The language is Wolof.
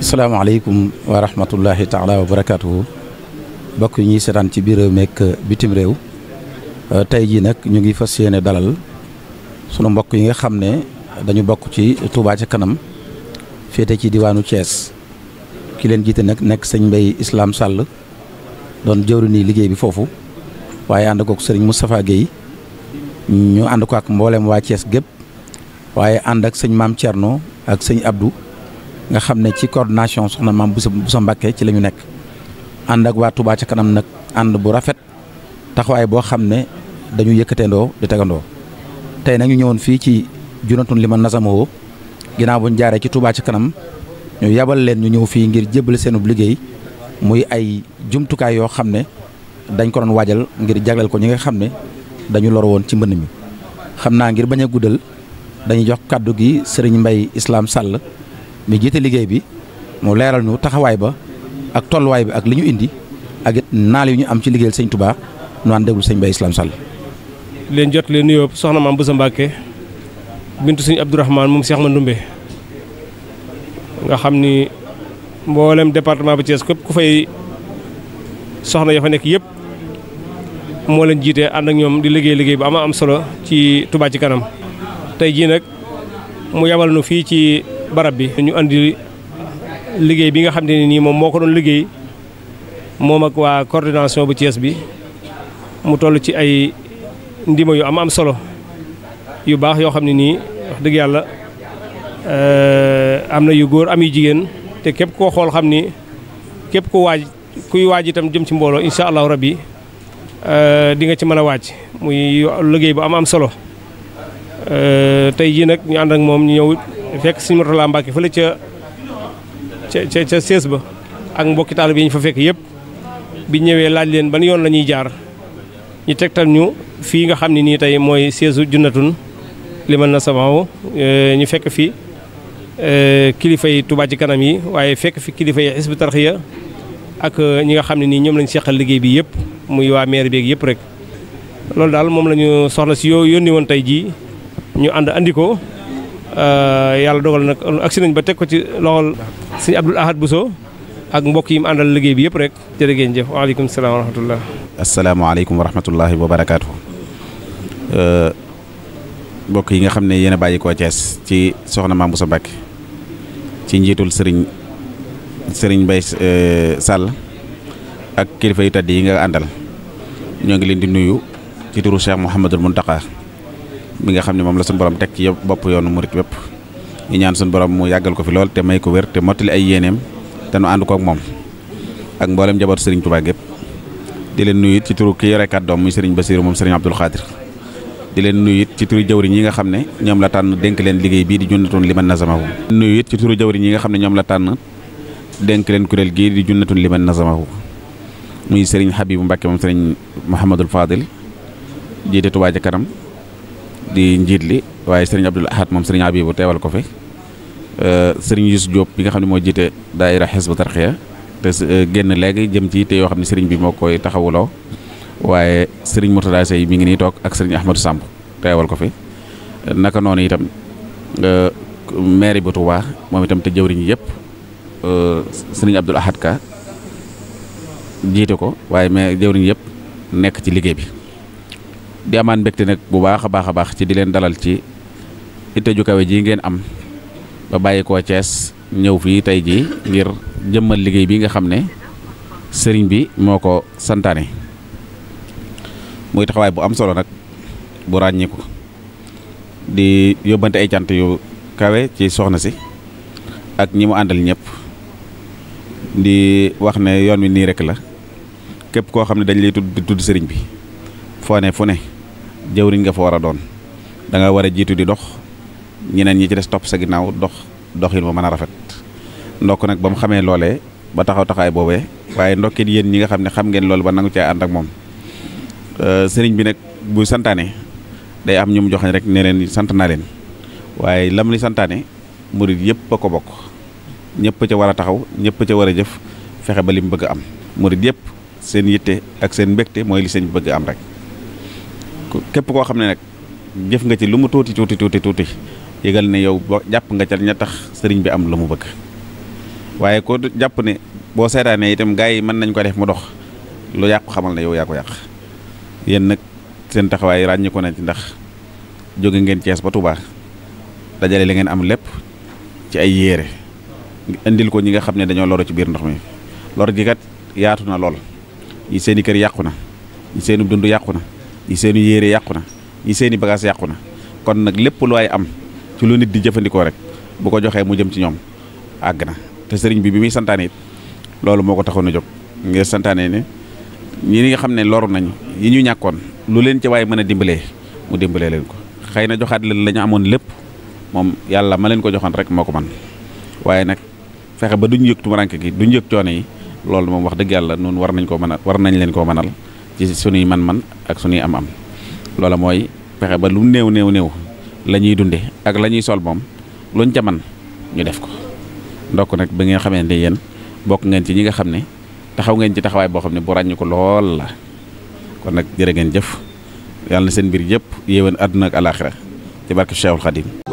asalaamaaleykum wa rahmatullahi taala wa barakaatuhu bokk ñuy seetaan ci biir réew bitim réew euh, tey jii nag ñu ngi fas yéene dalal sunu mbokk yi nga xam ne dañu bokk ci Touba ca kanam féete ci diwaanu cees ki leen jiite nag nekk sëñ mbay islaam sàll doon jëwri nii liggéey bi foofu waaye ànd kook sëriñ Moustapha Guèye ñu ànd ko ak mboolem waa Thiès gépp waaye ànd ak sëñ maam Thierno ak sëñ abdu nga xam ne ci coordination soxna maam bu sa bu sa Mbàkke ci la ñu nekk ànd ak waa tubaa ca kanam nag ànd bu rafet taxawaay boo xam ne dañu yëkkateendoo di tegandoo tey nag ñu ñëwoon fii ci junatun li ma nasamoo ginnaaw bu ñu jaaree ci tubaa ca kanam ñu yabal leen ñu ñëw fii ngir jébbal seenub liggéey muy ay jumtukaay yoo xam ne dañ ko doon waajal ngir jagleel ko ñi nga xam ne dañu lor woon ci mbënd mi xam naa ngir dañuy jox kàddu gi sëriñ Mbay islaam Sall mi jiite liggéey bi mu leeral ñu taxawaay ba ak tolluwaay bi ak li ñu indi ak it naal yu ñu am ci liggéeyal sañ tubaax ñu naan déglu sëñ Mbay Islam Sall. leen jot leen nuyoo soxna maam Boussa Mbacke bintu sëñ Abdourahmane moom Cheikh Mandoumbe nga xam ni mboolem département bu Thiès képp ku fay soxna ya fa nekk yëpp moo leen jiite ànd ak ñoom di liggéey liggéey bu ama am solo ci Touba ci kanam. tey jii nag mu yabal nu fii ci barab bi ñu andi liggéey bi nga xam ne nii moom moo ko doon liggéey moom ak waa coordination bu Thiès bi mu toll ci ay ndimo yu am am solo yu baax yoo xam ne nii wax dëgg yàlla eh, am na yu góor am yu jigéen te képp koo xool xam ni képp ku waaj kuy waaj itam jëm ci mbooloo incha allahu rabbi eh, di nga ci mën a waaj muy liggéey bu am am solo Euh, tey jii nag ñu ànd ak moom ñu ñëw fekk Sëriñ Murtala Mbàkke fële ca ca ca sees ba ak mbokki taalibe yi ñu fa fekk yëpp bi ñëwee laaj leen ban yoon la ñuy jaar ñu tegtal ñu fii nga xam ne nii tey mooy seesu junnatun liman na samaaw euh, ñu fekk fi euh, kilifa yi Touba ci kanam yi waaye fekk fi kilifa yi Hizbut Tarqiyyah ak ñi nga xam ne nii ñoom lañ seqal liggéey bi yëpp muy waa maire beeg yëpp rek loolu daal moom lañu ñu soxla si yoo yónni woon tey jii ñu ànd andi ko euh, yàlla dogal nag agsi nañ ba teg ko ci loxol si Abdoul Ahad Bousso ak mbokk yim àndal liggéey bi yëpp rek jërë ngeen jëf waaleykum salaam wa rahmatullah. asalaamaaleykum wa rahmatullahi wa barakaatu. Euh, mbokk yi nga xam ne yéen a bàyyi koo Thiès ci soxna Mame Bousso Mbacké ci njiitul sëriñ sëriñ Mbaye euh, Sall ak kilifa yu tedd yi nga àndal ñoo ngi leen di nuyu ci turu Cheikh Mouhamadul Mountakha. mi nga xam ne moom la suñu borom teg ci yëpp bopp yoonu murit wépp ñu ñaan suñ borom mu yàggal ko fi lool te may ko wér te mottali ay yéeneem te nu ànd kook moom ak mboolem njabootu sëriñ Touba gépp di leen nuyu ci turu ki yore kàddoom muy Serigne Bassirou moom Serigne Abdoul Khadir di leen nuyu ci turu jawriñ ñi nga xam ne ñoom la tànn denk leen liggéey bii di junnatun liman nazamahu nuyu it ci turu jawriñ yi nga xam ne ñoom la tànn dénk leen kuréel gii di junnatun liman nazamahu muy Serigne Habibou Mbacke moom Serigne Mouhamadul Fadil jiite Touba ca kanam di njiit li waaye sëriñ Abdul Ahad moom sëriñ bu teewal ko fi euh, sëriñ Youssou Diop bi nga xam ne moo jiite daaira Hizbu Tarxiya te euh, génn léegi jëm ci te yoo xam ne sëriñ bi moo koy loo waaye sëriñ Mourtada yi mi ngi nii toog ak sëriñ Ahmadou Samb teewal ko fi naka noonu itam euh, maire bu Touba moom itam te jëwriñ yëpp sëriñ Abdul Ahad Ka jiite ko waaye mais jëwriñ yëpp nekk ci liggéey bi. di amaan mbégte nag bu baax a baax a baax ci di leen dalal ci itte ju kawe ji ngeen am ba bàyyi koo Cees ñëw fii tey jii ngir jëmmal liggéey bi nga xam ne sëriñ bi moo ko santaane muy taxawaay bu am solo nag bu ràññiku di yóbbante ay cant yu kawe ci soxna si ak ñi mu àndal ñëpp di wax ne yoon wi nii rek la képp koo xam ne dañ lay tudd tudd sëriñ bi foo ne fu ne jëwriñ nga fa war a doon dangay war a jiitu di dox ñeneen ñi ci des topp sa ginnaaw dox doxil ma mën a rafet ndokk nag ba mu xamee loole ba taxaw taxaay boobee waaye ndokkit yéen ñi nga xam ne xam ngeen loolu ba nangu cee ànd ak moom euh, sëriñ bi nag bu santaane day am ñu mu joxañ rek ne leen sant naa leen waaye lam li santaane murit yëpp a ko bokk ñëpp ca war a taxaw ñëpp ca war a jëf fexe ba li mu bëgg a am murit yëpp seen yitte ak seen mbégte mooy li seen bëgg am rek képp koo xam ne nag jëf nga ci lu mu tuuti tuuti tuuti tuuti yëgal ne yow jàpp nga ca ña tax sëriñ bi am lu mu bëgg waaye ko jàpp ne boo seetaanee itam gars yi mën nañ ko def mu dox lu yàqu xamal ne yow yaa ko yàq yéen nag seen taxawaay ràññiku na ci ndax jóge ngeen Cees ba Touba dajale li ngeen am lépp ci ay yére indil ko ñi nga xam ne dañoo loro ci biir ndox mi lor gi kat yaatu na lool ñi seeni kër yàqu na ñi seen dund yàqu na ñi seen i yére yàqu na ñi seen i bagage yàqu na kon nag lépp lu ay am ci lu nit di jëfandikoo rek bu ko joxee mu jëm ci ñoom àgg na te sëriñ bi bi muy santaane loolu moo ko taxoon a jóg ngir santaane ne ñi nga xam ne loru nañu yi ñu ñàkkoon lu leen ci waaye mën a dimbalee mu dimbalee leen ko xëy na joxaat leen la ñu amoon lépp moom yàlla ma leen ko joxaan rek moo ko man waaye nag fexe ba duñ yëg tumuranke gi duñ yëg coono yi loolu moom wax dëgg yàlla noonu war nañ koo mën a war nañ leen koo mënal ci sunuy man-man ak sunuy am-am loola mooy pexe ba lu néew néew néew la ñuy dunde ak la ñuy sol moom luñ ca man ñu def ko ndokk nag bi nga xamante ne yéen bokk ngeen ci ñi nga xam ne taxaw ngeen ci taxawaay boo xam ne bu ràññu ko lool la kon nag jërë ngeen jëf yàlla seen mbir yëpp yéwén àdduna ak alaaxira ci barke Cheikhul Khadim